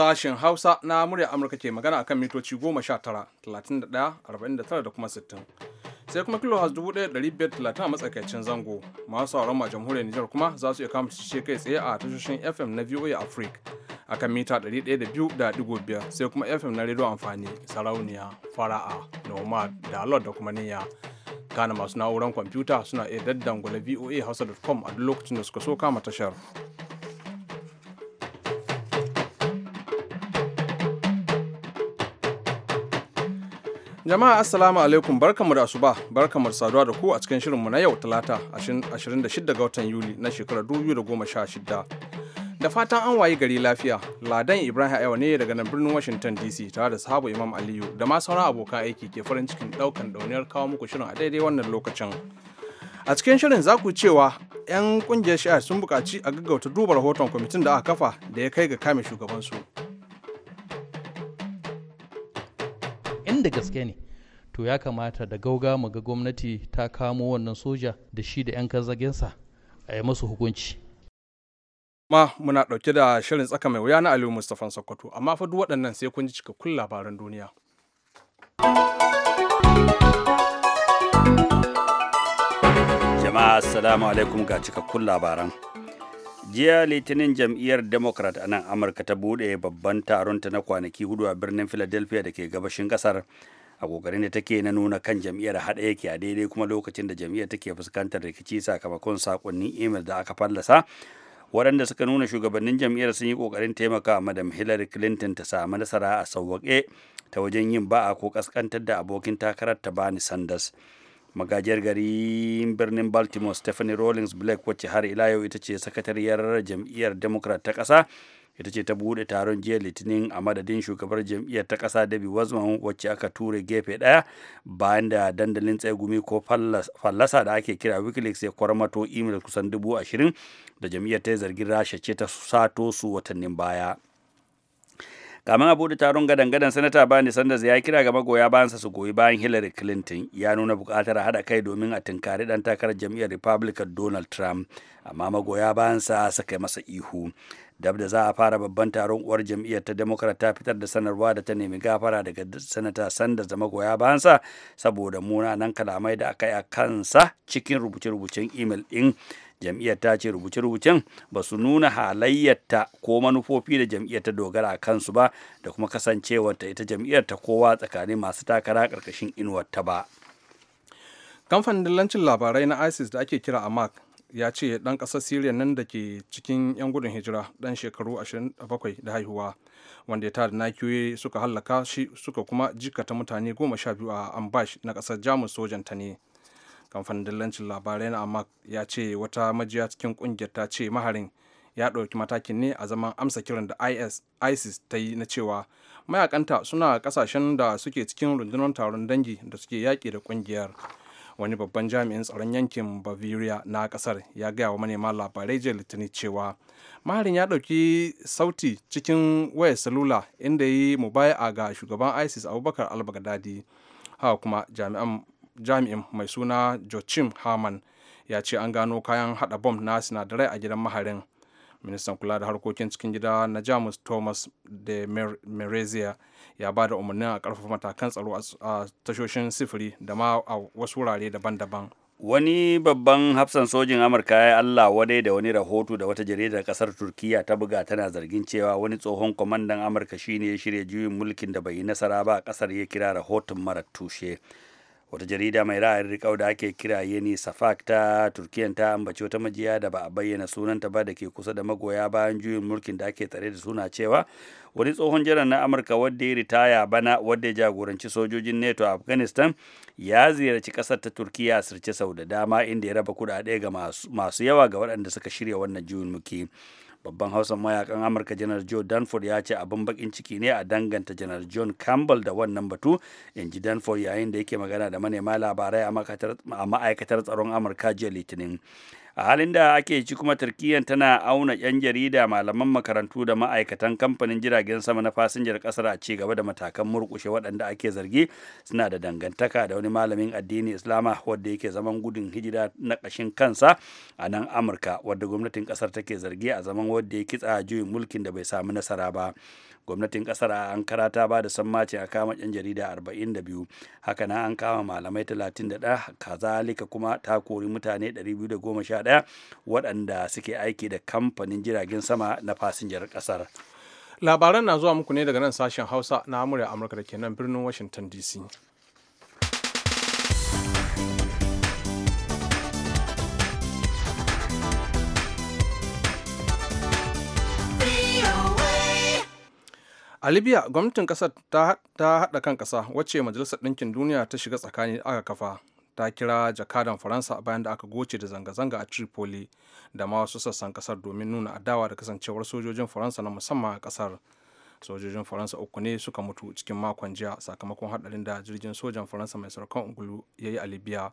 Sashen Hausa na murya Amurka ke magana akan mitoci 19, 31, 49 da kuma 60. Sai kuma kilohaz 1530 a matsakaicin zango. Masu sauran ma jamhuriyar Nijar kuma za su iya kama ce kai tsaye a tashoshin FM na VOA Africa akan mita 102.5 sai kuma FM na rediyo amfani sarauniya fara'a nomad da alod da kuma niyya. Kana masu na'urar kwamfuta suna iya daddangula voa hausa.com a duk lokacin da suka so kama tashar. Jama'a Assalamu alaikum barkamu da asuba barkamu da saduwa da ku a cikin shirinmu na yau talata 26 ga watan Yuli na shekarar 2016. Da fatan an wayi gari lafiya, Ladan Ibrahim Ayawa ne daga nan birnin Washington DC tare da sahabu Imam Aliyu da ma sauran abokan aiki ke farin cikin ɗaukan dauniyar kawo muku shirin a daidai wannan lokacin. A cikin shirin za ku cewa 'yan kungiyar shi'a sun buƙaci a gaggauta duba rahoton kwamitin da aka kafa da ya kai ga kame shugabansu. da gaske ne to ya kamata da gauga mu ga gwamnati ta kamo wannan soja da shi da 'yan kanzagensa a yi masu hukunci ma muna ɗauke da shirin tsaka mai wuya na aliyu mustapha sokoto amma fa duk waɗannan sai kun ji cikakkun labaran duniya jama'a assalamu alaikum ga cikakkun labaran jiya litinin jam'iyyar democrat a nan amurka ta buɗe babban taron ta na kwanaki hudu a birnin philadelphia da ke gabashin kasar a kokarin da take na nuna kan jam'iyyar haɗa yake a daidai kuma lokacin da jam'iyyar take fuskantar rikici sakamakon saƙonnin email da aka fallasa waɗanda suka nuna shugabannin jam'iyyar sun yi kokarin taimaka madam hillary clinton ta samu nasara a sauwaƙe ta wajen yin ba'a ko ƙasƙantar da abokin takarar ta bani sanders magajiyar garin birnin baltimore stephanie rawlings blake wacce har ila yau ita ce sakatariyar jam'iyyar democrat ta ƙasa ita ce ta buɗe taron jiya litinin a madadin shugabar jam'iyyar ta ƙasa debbie wasman wacce aka ture gefe ɗaya bayan da dandalin tsegumi ko fallasa da ake kira wikileaks ya kwarmato imel kusan dubu ashirin da jam'iyyar ta yi zargin rasha ce ta sato su watannin baya kamin a buɗe taron gadan-gadan sanata bani sanders ya kira ga magoya bayansa su goyi bayan hillary clinton ya nuna bukatar haɗa kai domin a tunkari ɗan takarar jam'iyyar republican donald trump amma magoya bayansa suka masa ihu dab da za a fara babban taron uwar jam'iyyar ta democrat ta fitar da sanarwa da ta nemi gafara daga sanata sanders da magoya bayansa saboda munanan kalamai da aka yi a kansa cikin rubuce-rubucen imel ɗin jam'iyyar ta ce rubuce-rubucen ba su nuna halayyarta ko manufofi da jam'iyyar ta dogara a kansu ba da kuma kasancewarta ita jam'iyyar ta kowa tsakanin masu takara karkashin inuwar ta ba kamfanin dillancin labarai na isis da ake kira amak ya ce dan kasar syria nan da ke cikin 'yan gudun hijira dan shekaru 27 da haihuwa wanda ya tada nakiyoyi suka hallaka shi suka kuma jikata mutane 12 a ambash na kasar jamus sojan ta ne kamfanin dillancin labarai na amak ya ce wata majiya cikin kungiyar ta ce maharin ya ɗauki matakin ne a zaman amsa kiran da isis ta yi na cewa mayakanta suna kasashen da suke cikin rundunar taron dangi da suke yaƙi da kungiyar wani babban jami'in tsaron yankin bavaria na kasar ya gaya wa manema labarai jiya litinin cewa maharin ya ɗauki sauti cikin wayar salula inda ya yi mubaya ga shugaban isis abubakar al-baghdadi haka kuma jami'an jami'in mai suna jochim haman ya ce an gano kayan hada bom na sinadarai a gidan maharin ministan kula da harkokin cikin gida na jamus thomas de merezia ya ba da umarni a karfafa matakan tsaro a tashoshin sifiri da ma a wasu wurare daban-daban wani babban hafsan sojin amurka ya allah wadai da wani rahoto da wata jaridar ƙasar turkiya ta buga tana zargin cewa wani tsohon kwamandan amurka shine ya shirya juyin mulkin da bai yi nasara ba a ƙasar ya kira rahoton mara tushe wata jarida mai ra'ayin rikau da ake kira yeni safak ta turkiyan ta ambaci wata majiya da ba a bayyana sunanta ba da ke kusa da magoya bayan juyin mulkin da ake tsare da suna cewa wani tsohon jiran na amurka wadda ya ritaya bana wadda ya jagoranci sojojin neto a afghanistan ya ziyarci kasar ta turkiya a sirce sau da dama inda ya raba kuɗaɗe ga masu yawa ga waɗanda suka shirya wannan juyin mulki babban hausan mayakan amurka janar joe danford ya ce abin bakin ciki ne a danganta janar john campbell da wannan batu in ji danford yayin da yake magana da manema labarai a ma'aikatar tsaron amurka jiya litinin a halin da ake ci kuma turkiyya tana auna 'yan jarida malaman makarantu da ma'aikatan kamfanin jiragen sama na fasinjar kasar a ci gaba da matakan murkushe waɗanda ake zargi suna da dangantaka da wani malamin addini islama wadda yake zaman gudun hijira na ƙashin kansa a nan amurka wadda gwamnatin kasar take zargi a zaman wadda ya kitsa juyin mulkin da bai samu nasara ba gwamnatin kasar a ankara ta ba da sammaci a kama yan jarida 42 haka na an kama malamai 31 kazalika kuma ta kori mutane 211 waɗanda suke aiki da kamfanin jiragen sama na fasinjar kasar labaran na zuwa muku ne daga nan sashen hausa na amurka da ke nan birnin washington dc a libya gwamnatin kasar ta haɗa kan ƙasa wacce majalisar ɗinkin duniya ta shiga tsakani aka kafa ta kira jakadan faransa bayan da aka goce da zanga-zanga a tripoli da ma wasu sassan kasar domin nuna adawa da kasancewar sojojin faransa na musamman a kasar sojojin faransa uku ne suka mutu cikin makon jiya sakamakon haɗarin da jirgin sojan faransa mai sarkan ungulu ya yi a libya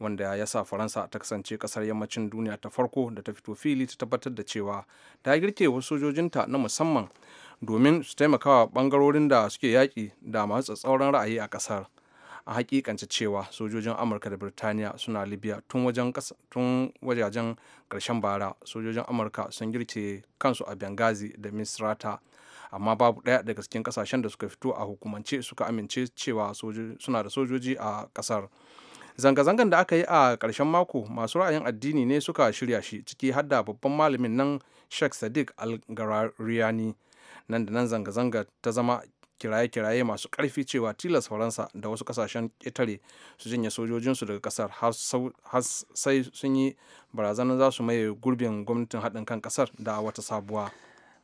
wanda ya sa faransa ta kasance kasar yammacin duniya ta farko da ta fito fili ta tabbatar da cewa ta girke wasu sojojinta na musamman domin su taimakawa bangarorin da suke yaƙi da masu tsatsauran ra'ayi a ƙasar a hakikance cewa sojojin amurka da birtaniya suna libya tun wajajen ƙarshen bara sojojin amurka sun girce kansu a bengazi da misrata amma babu ɗaya daga cikin ƙasashen da suka fito a hukumance suka amince cewa suna da sojoji a ƙasar zanga-zangan da aka yi a ƙarshen mako masu ra'ayin addini ne suka shirya shi ciki har da babban malamin nan sheikh sadiq al gharariyani nan da nan zanga-zanga ta zama kiraye-kiraye masu karfi cewa tilas faransa da wasu ƙasashen ƙetare su janye sojojinsu daga ƙasar har sai sun yi barazanar za su maye gurbin gwamnatin haɗin kan ƙasar da wata sabuwa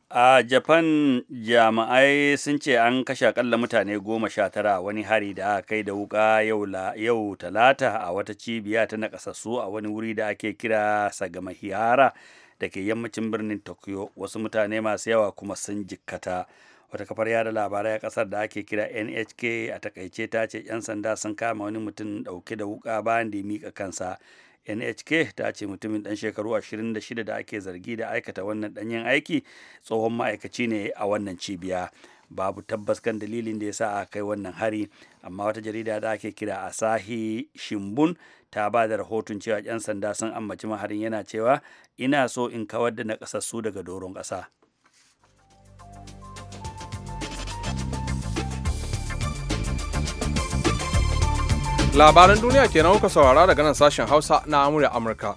a japan jami'ai sun ce an kashe akalla mutane goma sha tara wani hari da aka kai da wuka yau talata a wata cibiya ta nakasassu a wani wuri da ake kira sagamahiyara da ke yammacin birnin tokyo wasu mutane masu yawa kuma sun jikkata wata kafar yada labarai a kasar da ake kira nhk a takaice ta ce 'yan sanda sun kama wani mutum dauke da wuka bayan da ya mika kansa nhk ta ce mutumin dan shekaru 26 da ake zargi da aikata wannan danyen aiki tsohon ma'aikaci ne a wannan cibiya babu tabbas kan dalilin da ya sa a kai wannan hari amma wata jarida da ake kira asahi shimbun ta ba da rahoton cewa 'yan sanda sun ambaci maharin yana cewa ina so in kawar da nakasassu daga doron ƙasa labaran duniya kenan kuka saurara daga nan sashen hausa na amurya amurka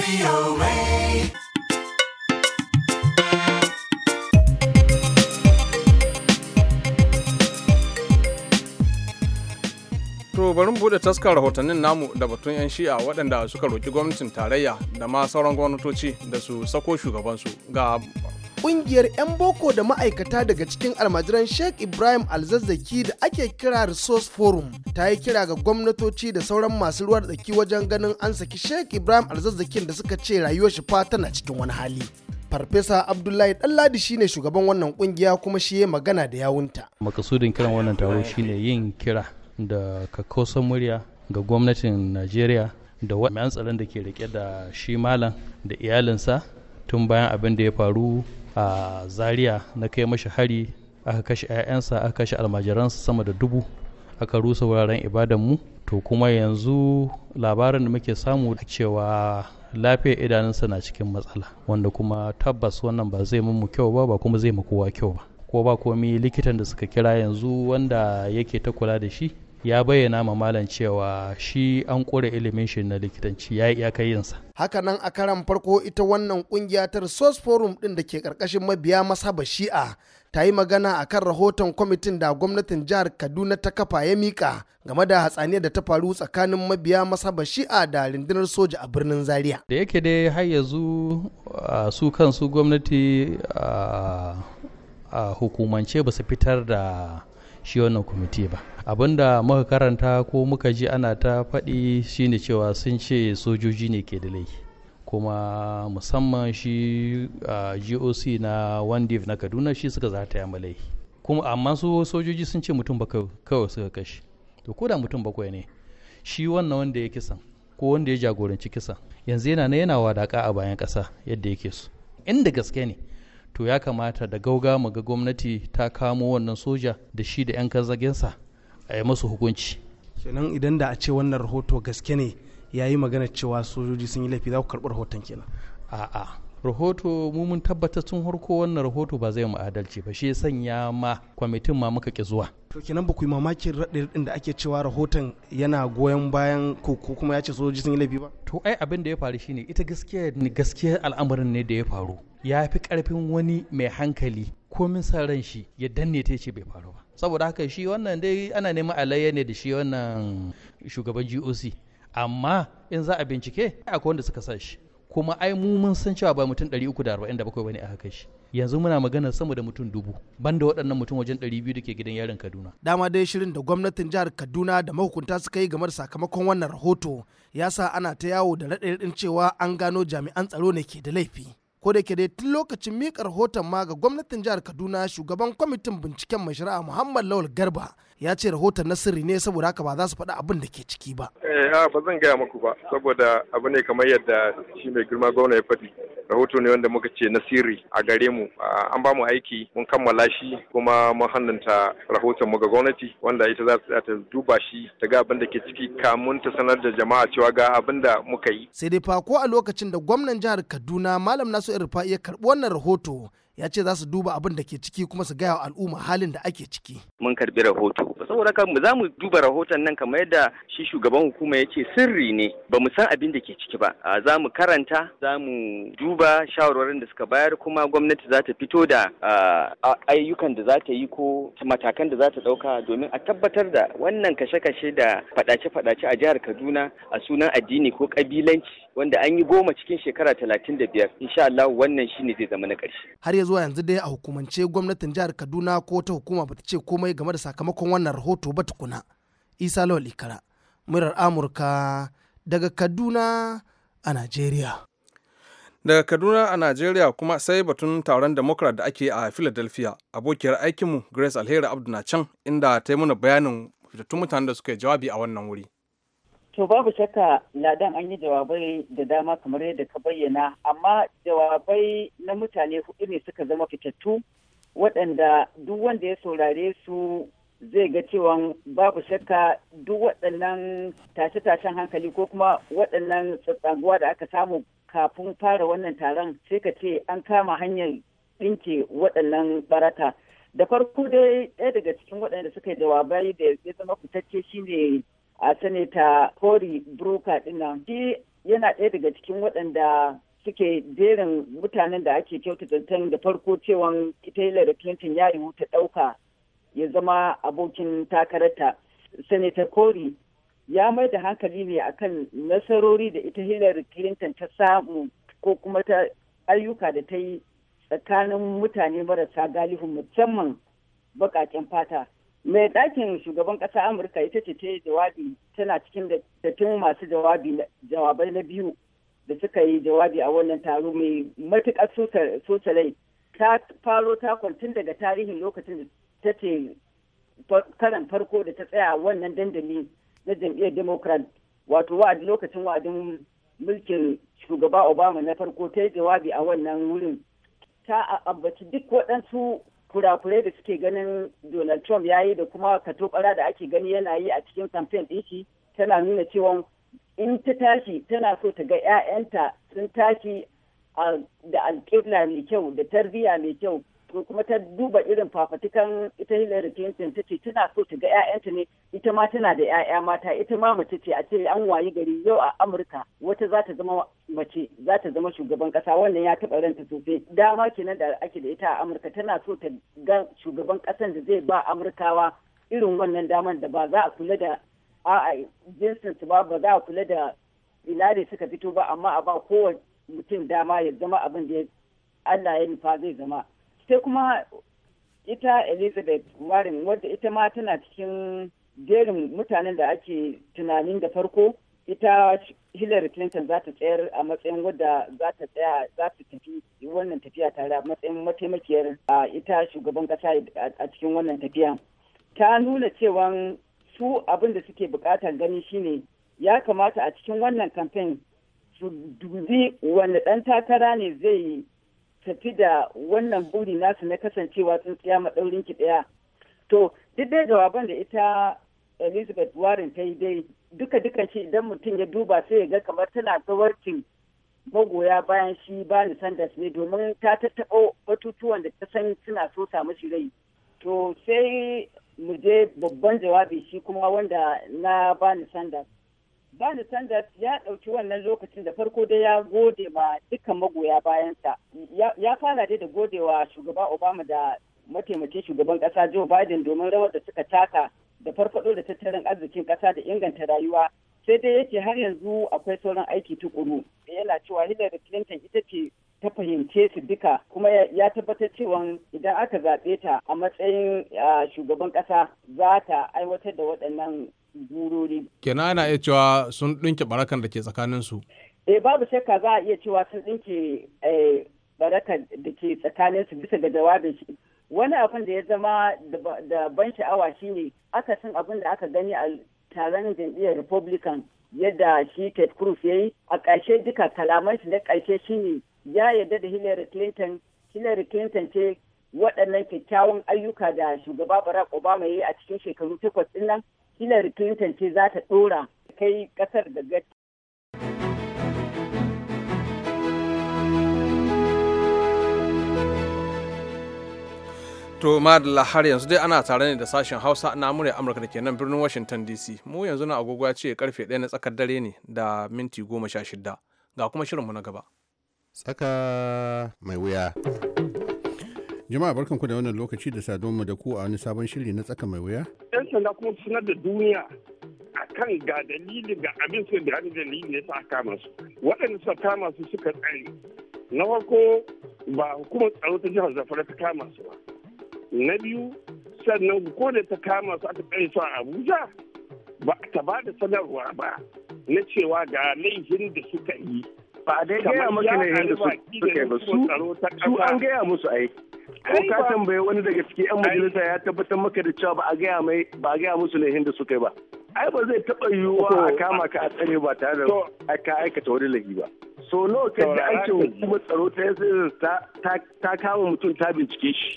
VOA. To bari mu bude taskar rahotannin namu da batun 'yan shi'a waɗanda suka roki gwamnatin tarayya da ma sauran gwamnatoci da su sako shugabansu ga Ƙungiyar 'yan boko da ma'aikata daga cikin almajiran Sheikh Ibrahim Alzazzaki da ake kira Resource Forum ta yi kira ga gwamnatoci da sauran masu ruwar tsaki wajen ganin an saki Sheikh Ibrahim Alzazzakin da suka ce rayuwar shi fa tana cikin wani hali. farfesa abdullahi ɗanladi shine shugaban wannan kungiya kuma shi magana da yawunta makasudin kiran wannan taro shine yin kira da kakosan murya ga gwamnatin najeriya da waɗannan tsaron da ke rike da shi malam da iyalinsa tun bayan abin da ya faru a zaria na kai mashi hari aka kashe 'ya'yansa aka kashe almajiransa sama da dubu aka rusa wuraren mu to kuma yanzu labarin da muke samu cewa lafiyar idanunsa na cikin matsala wanda kuma tabbas wannan ba zai mu kyau ba ba kuma zai mu kowa kyau ba ko ba komi likitan da suka kira yanzu wanda yake ta kula da shi ya bayyana ma malam cewa shi an kore ilimin shi na likitanci ya yi kai yinsa nan a karan farko ita wannan kungiya ta resource forum ɗin da ke karkashin mabiya masaba shi'a ta yi magana a kan rahoton kwamitin da gwamnatin jihar kaduna ta kafa ya mika game da hatsaniyar da ta faru tsakanin mabiya masaba shi'a da rundunar soja a birnin zaria da yake dai har yanzu su kansu gwamnati a hukumance ba su fitar da shi wannan kwamiti ba abin da muka karanta ko muka ji ana ta faɗi shine cewa sun ce sojoji ne ke da laifi kuma musamman shi goc na wandiv na kaduna shi suka ta yamma laifi kuma amma su sojoji sun ce mutum ba kawai suka kashe to ko da mutum bakwai ne shi wannan wanda ya kisan ko wanda ya jagoranci kisan yanzu yana na yana wadaka a bayan kasa yadda yake so inda gaske ne to ya kamata da gauga mu ga gwamnati ta kamo wannan soja da shi da 'yan kazagensa a yi masu hukunci kenan idan da a ce wannan rahoto gaske ne ya yi magana cewa sojoji sun yi laifi za ku karɓi rahoton kenan a'a rahoto mu mun tabbatar sun harko wannan rahoto ba zai mu adalci ba shi sanya ma kwamitin ma muka ki zuwa to kenan ba ku yi mamakin raɗe da ake cewa rahoton yana goyon bayan ko kuma ya ce sojoji sun yi laifi ba to ai abin da ya faru shine ita gaskiya ne gaskiya al'amarin ne da ya faru ya fi karfin wani mai hankali ko min sa ran shi ya danne ta ce bai faru ba saboda haka shi wannan dai ana neman alayya ne da shi wannan shugaban GOC amma in za a bincike akwai wanda suka sa shi kuma ai mu mun san cewa ba mutum 347 bane aka kai shi yanzu muna magana sama da mutum dubu banda waɗannan mutum wajen 200 da ke gidan yarin Kaduna dama dai shirin da gwamnatin jihar Kaduna da mahukunta suka yi game da sakamakon wannan rahoto ya sa ana ta yawo da raɗaɗin cewa an gano jami'an tsaro ne ke da laifi ko da ke dai tun lokacin miƙa rahoton ma ga gwamnatin jihar Kaduna shugaban kwamitin binciken mai shari'a Muhammad Lawal Garba ya ce rahoton na sirri ne saboda haka ba za su faɗa abin da ke ciki ba. Eh ba zan gaya muku ba saboda abu ne kamar yadda shi mai girma gwamna ya faɗi rahoto ne wanda muka ce na sirri a gare mu an ba mu aiki mun kammala shi kuma mun hannunta rahoton mu ga gwamnati wanda ita za ta duba shi ta ga abin da ke ciki kamun ta sanar da jama'a cewa ga abin da muka yi. Sai dai fa ko a lokacin da gwamnan jihar Kaduna Malam Nasu Irfa ya karɓi wannan rahoto ya ce za su duba abin da ke ciki kuma su gaya wa al'umma halin da ake ciki. Mun karbi rahoto. Saboda haka za mu duba rahoton nan kamar yadda shi shugaban hukuma ya ce sirri ne ba mu san abin da ke ciki ba. Za mu karanta, za mu duba shawarwarin da suka bayar kuma gwamnati za ta fito da ayyukan da za ta yi ko matakan da za ta ɗauka domin a tabbatar da wannan kashe-kashe da faɗace-faɗace a jihar Kaduna a sunan addini ko ƙabilanci wanda an yi goma cikin shekara talatin da biyar. Insha Allah wannan shine zai zama na ƙarshe. Har zuwa yanzu dai a hukumance gwamnatin jihar kaduna ko ta hukuma bata ce komai game da sakamakon wannan rahoto ba tukuna isa lawal ikara murar amurka daga kaduna a najeriya daga kaduna a najeriya kuma sai batun taron democrat da ake a philadelphia abokiyar aikinmu grace alheri abdu na can inda ta yi mana bayanin fitattun mutanen da suka yi jawabi a wannan wuri To babu shakka dan an yi jawabai da dama kamar yadda ka bayyana amma jawabai na mutane hudu ne suka zama fitattu waɗanda duk wanda ya saurare su zai ga cewa babu shakka duk waɗannan tashe-tashen hankali ko kuma waɗannan tsatsanguwa da aka samu kafin fara wannan taron sai ka ce an kama hanyar ɗinke waɗannan barata da farko dai ɗaya daga cikin waɗanda suka yi jawabai da ya zama fitacce shine a sanita kori Booker dinnan shi yana ɗaya daga cikin waɗanda suke jerin mutanen da ake kyautata zantan da farko cewa ita Hillary Clinton ya yi ta ɗauka ya zama abokin takararta. sanita kori ya mai da hankali ne akan nasarori da ita Hillary Clinton ta samu ko kuma ta ayyuka da ta yi tsakanin mutane marasa galihu musamman baƙaƙen fata. mai ɗakin shugaban ƙasa amurka ita ce ta jawabi tana cikin dattun masu jawabi jawabai na biyu da suka yi jawabi a wannan taro mai matuƙar sosalai ta faro takon tun daga tarihin lokacin da ta ce karan farko da ta tsaya wannan dandali na jam'iyyar democrat wato wa'adi lokacin wa'adin mulkin shugaba obama na farko ta yi jawabi a wannan wurin ta ambaci duk waɗansu kurakurai da suke ganin Donald Trump ya yi da kuma kara da ake gani yana yi a cikin kamfen ɗin shi tana nuna cewa in ta tashi tana so ta ga 'ya'yanta sun tashi da alƙibla mai kyau da tarbiyya mai kyau kuma ta duba irin fafatukan ita Hillary Clinton ta ce tana so ta ga 'ya'yanta ne ita ma tana da 'ya'ya mata ita ma mace ce a ce an wayi gari yau a Amurka wata za ta zama mace za ta zama shugaban kasa wannan ya taɓa ranta sosai dama kenan da ake da ita a Amurka tana so ta ga shugaban kasan da zai ba Amurkawa irin wannan daman da ba za a kula da a jinsin su ba ba za a kula da ina ne suka fito ba amma a ba kowane mutum dama ya zama abin da Allah ya nufa zai zama sai kuma ita elizabeth warren wadda ita ma tana cikin jerin mutanen da ake tunanin da farko ita hillary clinton za ta tsayar a matsayin wadda za ta tsaya za ta tafi wannan tafiya tare a matsayin mataimakiyar ita shugaban kasa a cikin wannan tafiya ta nuna cewa su abin da suke bukatar gani shine ya kamata a cikin wannan kamfen su dubi wani dan takara ne zai tafi da wannan buri nasu na kasancewa tsaya maɗaurin ki ɗaya to duk dai jawaban da ita elizabeth warren ta yi dai duka duka shi idan mutum ya duba sai ya ga kamar tana gawarcin magoya bayan shi bani sanders ne domin ta tattaɓo batutuwan da ta san suna so samu shi rai to sai mu je babban jawabi shi kuma wanda na bani sanders Bani Sanders ya ɗauki wannan lokacin da farko dai ya gode ma dukkan magoya bayansa. Ya fara dai da gode wa shugaba Obama da mataimakin shugaban ƙasa Joe Biden domin rawar da suka taka da farfaɗo da tattalin arzikin ƙasa da inganta rayuwa. Sai dai yake har yanzu akwai sauran aiki tukuru. Yana cewa Hillary Clinton ita ce ta fahimce su duka kuma ya tabbatar cewa idan aka zaɓe ta a matsayin ah, shugaban ƙasa za ta aiwatar da waɗannan jurori. Kena yana iya cewa sun ɗinke barakan da ke tsakaninsu. Eh babu shakka za a iya cewa sun ɗinke eh, barakan da ke tsakaninsu bisa ga jawabin shi. Wani abin da ya zama da ban sha'awa aka akasin abin da aka gani a taron jam'iyyar Republican yadda shi Ted Cruz ya yi a ƙarshe duka kalaman shi na ƙarshe ne ya yarda da Hillary Clinton Hillary Clinton ce waɗannan kyakkyawan ayyuka da shugaba Barack Obama ya yi a cikin shekaru takwas ɗin nan Hillary Clinton ce za ta ɗora kai ƙasar da To madalla har yanzu dai ana tare ne da sashen Hausa na murya Amurka da ke nan birnin Washington DC. Mu yanzu na agogo ce karfe ɗaya na tsakar dare ne da minti goma sha shida. Ga kuma shirin mu na gaba. Tsaka mai wuya. Jama'a barkanku da wannan lokaci da sadonmu da ku a wani sabon shiri na tsaka mai wuya. Yan sanda kuma sanar da duniya akan ga dalili ga abin su da hannun dalili ne sa kama su. Waɗanda suka kama su suka tsare. Na farko ba hukumar tsaro ta jihar Zafara ta kama su ba. Na biyu sannan ko da ta kama su aka tsare su a Abuja ba ta ba da sanarwa ba na cewa ga laifin da suka yi. Ba a dai gaya maka laifin da suka yi ba su an gaya musu aiki. ko ka tambaye wani daga ciki yan majalisa ya tabbatar maka da cewa ba a gaya mai ba a gaya musu laifin da suka yi ba ai ba zai taɓa yiwuwa a kama ka a tsare ba tare da ka aikata wani laifi ba so nawa ka an ce hukumar tsaro ta yasa ta kama mutum ta bincike shi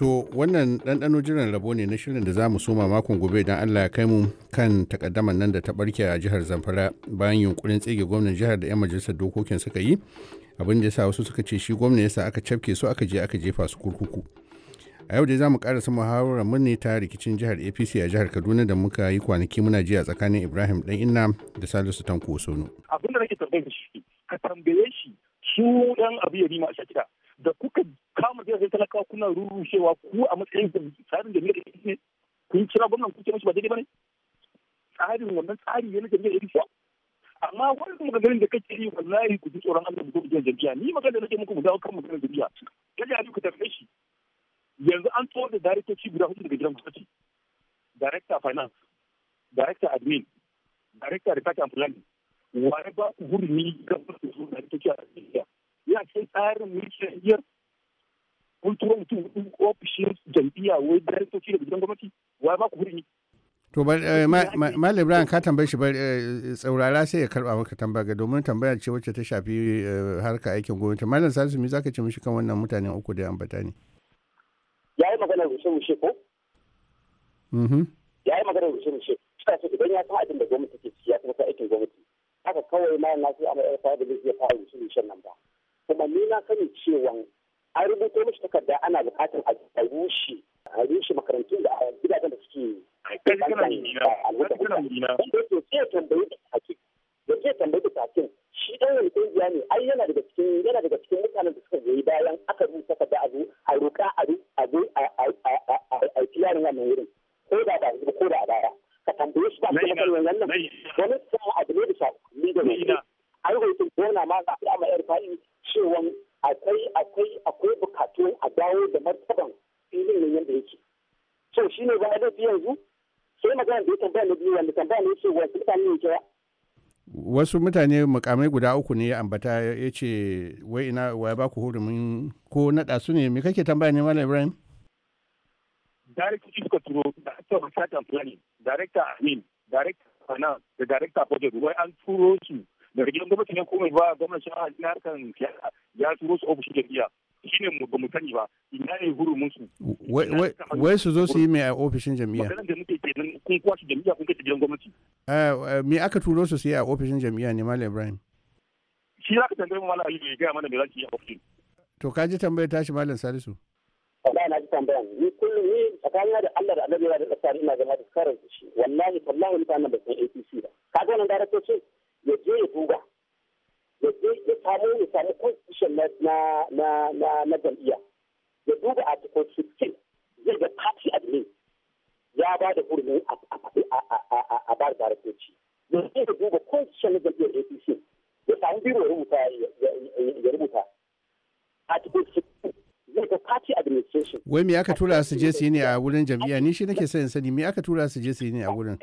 To wannan ɗanɗano jiran rabo ne na shirin da za mu soma makon gobe idan Allah ya kai mu kan takaddamar nan da ta barke a jihar Zamfara bayan yunkurin tsige gwamnan jihar da 'yan majalisar dokokin suka yi abin da yasa wasu suka ce shi gwamna yasa aka cafke su aka je aka jefa su kurkuku a yau dai za mu karasa muhawarar murni ta rikicin jihar apc a jihar kaduna da muka yi kwanaki muna jiya tsakanin ibrahim dan inna da salisu tanko sono abin da nake tambayar shi ka tambaye shi su yan abu ya rima a gida da kuka kama zai talakawa kuna rurushewa ku a matsayin tsarin da ne kun kira gwamnan kuke mashi ba daidai ba ne tsarin wannan tsari ne na jami'ar apc amma wannan maganganun da kake yi wallahi ku ji tsoron Allah ku ji jabiya ni magana da nake muku ku dawo kan maganar jabiya kaje a duka tafi shi yanzu an tsoro da daraktoci guda hudu daga gidan gwamnati director finance director admin director research and planning wani ba gurmi hurumi ga su directoci a jam'iyya ya ce tsarin mulkin jam'iyyar kun turo mutum ofishin jam'iyya wai daraktoci daga gidan gwamnati wai ba ku gurmi To eh, Malam Ibrahim ka tambaye shi tsaurara eh, sai ya karba maka tambaya domin tambaya ce wacce ta shafi eh, harka aikin gwamnati. Malam Salisu me zaka ce mishi kan wannan mutanen uku da ambata ne? Ya yi magana shi rushe ko? Mm-hmm. Ya yi magana shi rushe. Suka ce idan ya san abin da gwamnati ke ciki ya san ta aikin gwamnati. Haka kawai ma na sai amma yarfa da zai fara shi rushen nan ba. Kuma ni na sani cewa an rubuto mishi takarda ana buƙatar a rushe a rushe makarantun da gidajen da suke kai kana kai shi dan kungiya ne ai yana daga cikin yana mutanen da suka goyi bayan aka rubuta ko da a baya ka tambaye shi ba ko da yar fa'i cewa akwai akwai da yanzu sai magana da ya tambaya na biyu wanda tambaya ne ce wasu mutane ne kira wasu mutane mukamai guda uku ne ya ambata ya ce wai ina wai ba ku hurumin ko naɗa su ne me kake tambaya ne malam ibrahim director iska turo director of research and planning director amin director finance da director Project, wai an turo su daga gidan gwamnati ne kuma ba gwamnati shi a harkar ya turo su ofishin da shine mu ba mu sani ba ina ne hurumin su wai su zo su yi mai a ofishin jami'a maganar da muke kenan kun kwashi jami'a kun kai gidan gwamnati eh, eh, me aka turo su su yi a ofishin jami'a ne malam ibrahim shi za ka tambaye mu malam aliyu ya gaya mana me za yi a ofishin to ka ji tambayar tashi malam salisu wallahi na ji tambayan ni kullum ni tsakanina da Allah da Annabi da tsari ina zama da karin shi wallahi wallahi mutanen da sun APC ba kaga wannan daraktocin ya je ya duba ya je ya samu ya samu constitution na na na na jam'iyya ya duba article sixteen zai ga party admin ya ba da hurumin a bar da rikici ya je ya duba constitution na jam'iyyar APC ya samu biro ya rubuta ya rubuta article sixteen zai ga party administration wai me aka tura su je su yi ne a wurin jam'iyya ni shi nake son sani me aka tura su je su yi ne a wurin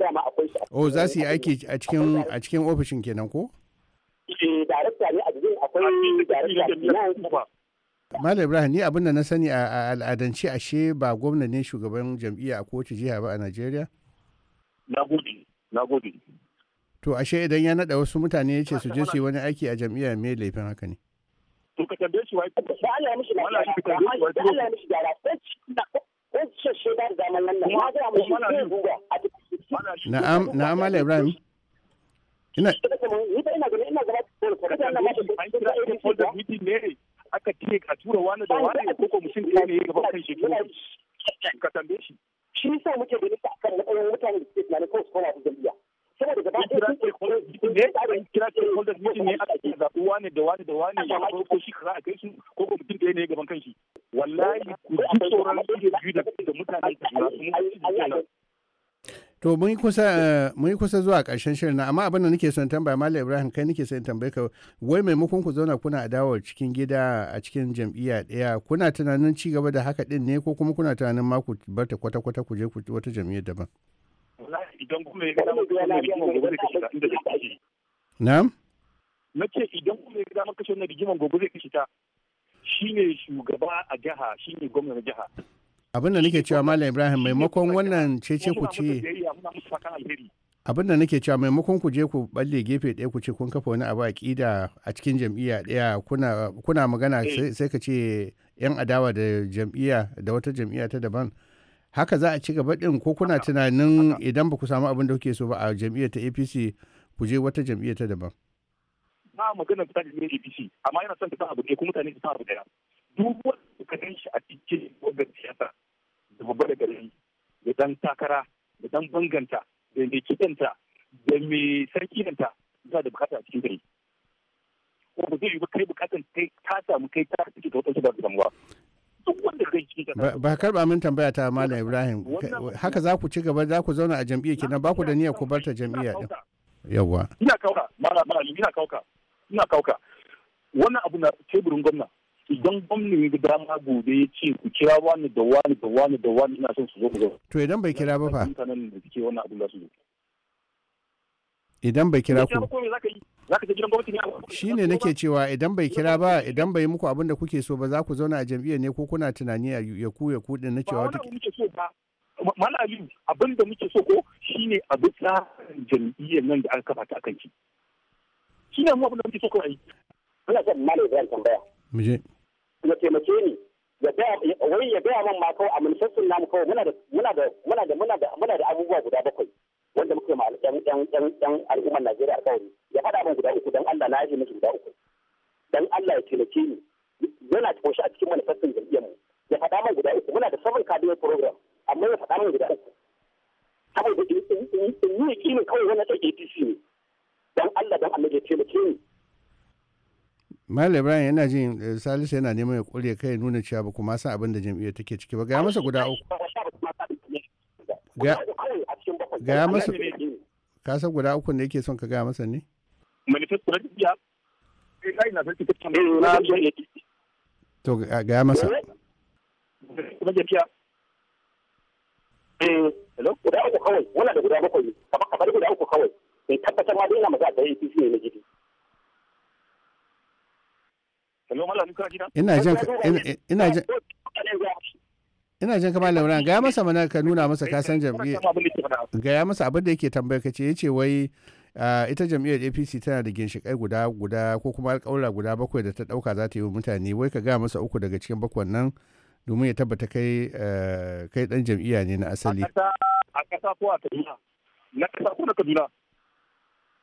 dama akwai shi oh za su yi aiki a cikin a cikin ofishin kenan ko eh darakta Malam Ibrahim ni abin da na sani a al'adance ashe ba gwamna ne shugaban jam'iyya a kowace jiha ba a Najeriya? Na gode, na gode. To ashe idan ya naɗa wasu mutane ya ce su je su yi wani aiki a jam'iyya mai laifin haka ne? To ka tambaye shi na'am na'am ibrahim ina ka ya kai su ko ko wallahi ku ji tsoron da mutane to mun kusa mun kusa zuwa ƙarshen shirin na amma abin da nake son tambaya Malam Ibrahim kai nake son tambaye ka wai maimakon ku zauna kuna adawar cikin gida a cikin jam'iyya ɗaya kuna tunanin ci gaba da haka din ne ko kuma kuna tunanin ma ku bar ta kwata kwata ku je ku wata jam'iyyar daban idan kuma ya gada maka wannan rigiman gobe zai kashe ta inda zai na'am na ce idan kuma ya gada maka wannan rigiman gobe zai kashe ta shine shugaba a jiha shine gwamnan jiha abin da nake cewa malam ibrahim maimakon wannan cece ku ce abin da nake cewa maimakon ku je ku balle gefe ɗaya ku ce kun kafa wani abu aƙida a cikin jam'iyya ɗaya kuna magana eh. sai ka ce yan adawa da jam'iyya da wata jam'iyya ta daban haka za a ci gaba ɗin ko kuna tunanin idan ba ku samu abin da kuke so ba a jam'iyyar ta APC ku je wata jam'iyyar ta daban na magana ta jam'iyyar APC amma yana son ta abu ne kuma mutane su sa abu daya duk wanda suka gan shi a cikin wadda siyasa da babba da gari da dan takara da dan banganta da mai kidanta da mai sarkinanta za da bukata a cikin gari ko ba zai yi kai bukatan kai ta samu kai ta ciki da wata shida da damuwa ba karba min tambaya ta malam ibrahim haka za ku ci gaba za ku zauna a jam'iyyar kenan ba ku da niyyar ku bar ta jam'iyyar din yawwa ina kauka malam malam ina kauka ina kauka wannan abu na teburin gwamna idan gwamna ya dama gobe ya ce ku kira wani da wani da wani da wani ina son su zo ku to idan bai kira ba fa da wannan su idan bai kira ku shi ne nake cewa idan bai kira ba idan bai muku abin da kuke so ba za ku zauna a jam'iyyar ne ko kuna tunani a ya ku ya ku din na cewa wata mana abin da muke so ko shi ne a bi jam'iyyar nan da aka kafa ta akan shi ne mu abin da muke so ko ai ina son malami ya tambaya mu ya taimake ni ya wai ya gaya man ma kawai a manifestin namu kawai muna da muna da muna da muna da abubuwa guda bakwai wanda muke ma yan yan yan yan al'ummar Najeriya alƙawari ya faɗa min guda uku dan Allah na yaje miki guda uku dan Allah ya taimake ni yana koshi a cikin manifestin jam'iyyar mu ya faɗa min guda uku muna da seven cabinet program amma ya faɗa min guda uku saboda in yi yakinin kawai wannan APC ne dan Allah dan Allah ya taimake ni Malam Ibrahim yana jin eh, Salisu yana neman ya kure kai nuna cewa ba kuma san abin da jam'iyyar take ciki ba. Ga masa guda uku. Ga masa ka san guda uku ne yake son ka gaya masa ne? Manifesto na jam'iyya. To gaya masa. Na eh, guda uku kawai, wala da guda bakwai, kamar guda uku kawai, kasa tabbatar ma dai yana maza da APC ne na gidi. Ina jin ina jin ina jin kamar lamuran gaya masa mana ka nuna masa ka san jam'iyyar gaya masa abin da yake tambayar ka ce yace wai ita jam'iyyar APC tana da ginshikai guda guda ko kuma alƙawura guda bakwai da ta dauka za ta yi wa mutane wai ka gaya masa uku daga cikin bakwan nan domin ya tabbata kai kai dan jam'iyya ne na asali a ƙasa ko a Kaduna na ƙasa ko na Kaduna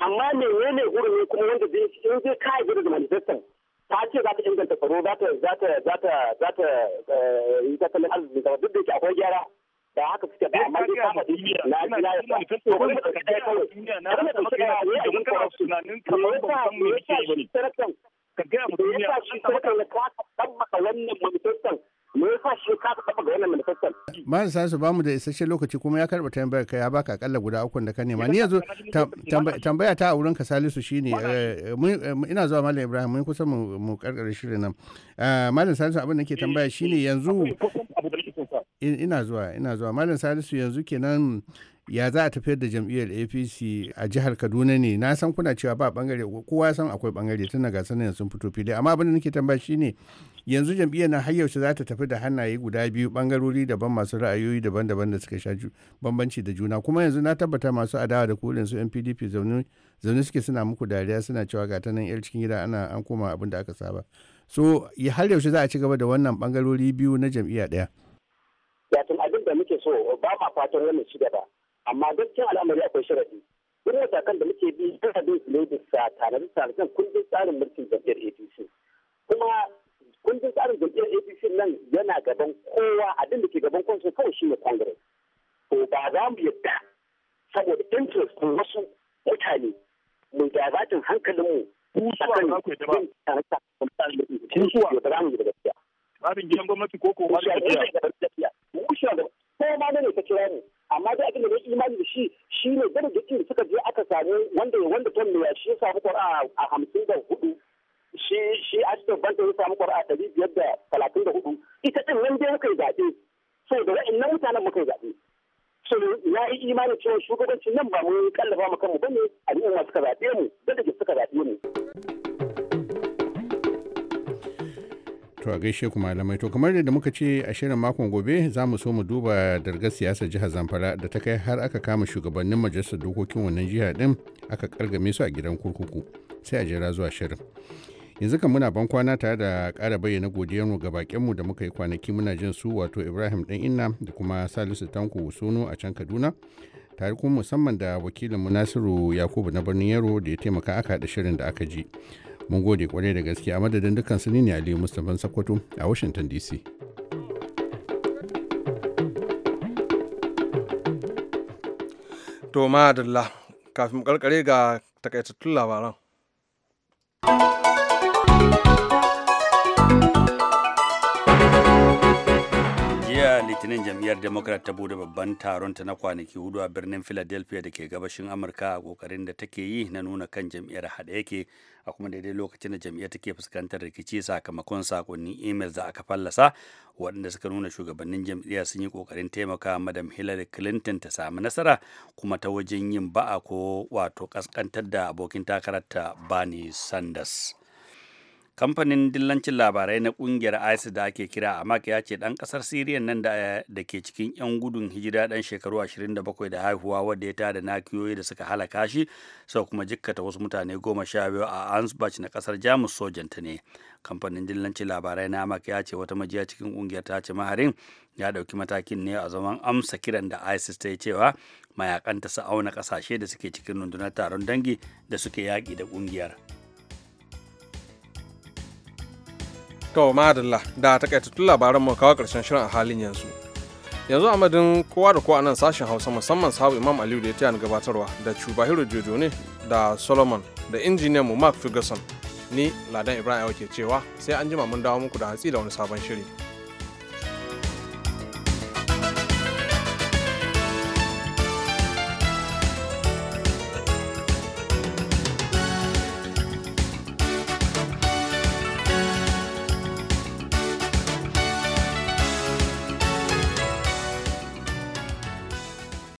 amma menene ne kuma wanda zai in zai kai gurin da manifestan ta ce za ta inganta tsaro za ta za ta za ta za ta yi tattalin arziki duk da yake akwai gyara da haka suke ba amma kama da yi na yi na yi na yi na yi kawai yi na yi na yi na yi na yi na yi na yi na yi na yi na yi ta yi wannan manifestan me sa shi ka taba ga wannan manifestan su bamu da isasshen lokaci kuma ya karba tambayar ka ya baka akalla guda uku da ka nema ni yanzu tambaya ta a wurin ka Salisu shine eh, eh, ina zuwa Malam Ibrahim mun kusa mu karkare shirin nan eh, Malam Salisu abin da ke tambaya shine yanzu ina zuwa ina zuwa Malam Salisu yanzu kenan ya za a tafiyar da jam'iyyar apc a jihar kaduna ne na san kuna cewa ba bangare kowa san akwai bangare tun daga sanin sun fito fili amma abin da nake tambaya ne yanzu jam'iyyar na har yaushe za ta tafi da hannaye guda biyu bangarori daban masu ra'ayoyi daban-daban da suka sha bambanci da juna kuma yanzu na tabbata masu adawa da kolin su npdp zaune zaune suke suna muku dariya suna cewa ga ta nan yar cikin gida ana an koma abin da aka saba so har yaushe za a ci gaba da wannan bangarori biyu na jam'iyya ɗaya. yatun abin da muke so ba ma fatan wannan ci gaba amma gaskiya al'amari akwai sharadi duk matakan da muke bi kan bin su ne bisa tanadi tanadin kundin tsarin mulkin jam'iyyar apc kuma kundin tsarin jam'iyyar apc nan yana gaban kowa abin da ke gaban kansu kawai shi ne congress to ba za mu yadda saboda interest ɗin wasu mutane mu gabatin hankalinmu akan yin tanadin tsarin gidan gwamnati ko ko wani tafiya. Ko ma ne ta kira mu amma da abin da ya imani da shi shine darajin da suka je aka samu wanda wanda ton ya shi ya samu ƙwara a hamsin da hudu shi shi Ashton Banta ya samu ƙwara a biyar da talatin da hudu ita ɗin nan dai muka yi zaɓe so da mutanen muka yi zaɓe so ya yi imanin cewa shugabancin nan ba mu kallafa mu kanmu bane al'umma suka zaɓe mu da suka zaɓe mu. To a gaishe ku malamai to kamar da muka ce a shirin makon gobe za mu so mu duba dargar siyasar jihar Zamfara da ta kai har aka kama shugabannin majalisar dokokin wannan jiha din aka kargame su a gidan kurkuku sai a jira zuwa shirin. Yanzu kan muna ban kwana tare da ƙara bayyana godiyar mu ga mu da muka yi kwanaki muna jin su wato Ibrahim dan inna da kuma Salisu Tanko Sono a can Kaduna tare kuma musamman da wakilin munasiru Yakubu na birnin Yaro da ya taimaka aka haɗa shirin da aka ji. mun gode kwarai da gaske a madadin dukkan su ne aliyu mustapha sakwato a washington dc to madalla kafin karkare ga takaitattun labaran litinin jam'iyyar democrat ta bude babban taron ta na kwanaki hudu a birnin philadelphia da ke gabashin amurka a kokarin da take yi na nuna kan jam'iyyar haɗe yake a kuma daidai lokacin da jam'iyyar take fuskantar rikici sakamakon sakonnin emails da aka fallasa waɗanda suka nuna shugabannin jam'iyyar sun yi kokarin taimaka madam hillary clinton ta sami nasara kuma ta wajen yin ba'a ko wato kaskantar da abokin takarar ta bani sanders kamfanin dillancin labarai na kungiyar isis da ake kira amak ya ce dan kasar siriya nan da ke cikin 'yan gudun hijira dan shekaru 27 da haihuwa wadda ya tada nakiyoyi da suka halaka shi sau kuma jikkata wasu mutane goma sha biyu a ansbach na kasar jamus sojanta ne kamfanin dillancin labarai na amak ya ce wata majiya cikin kungiyar ta ce maharin ya dauki matakin ne a zaman amsa kiran da isis ta yi cewa mayakanta su auna kasashe da suke cikin rundunar taron dangi da suke yaki da kungiyar. to madalla da takaitattun labaran mu kawo karshen shirin a halin yanzu yanzu a madin kowa da kowa nan sashen hausa musamman sabu imam aliyu da ya tayar gabatarwa da cubahiro jojo ne da solomon da injiniyan mu mark ferguson ni ladan ibrahim ke cewa sai an jima mun dawo muku da hatsi da wani sabon shiri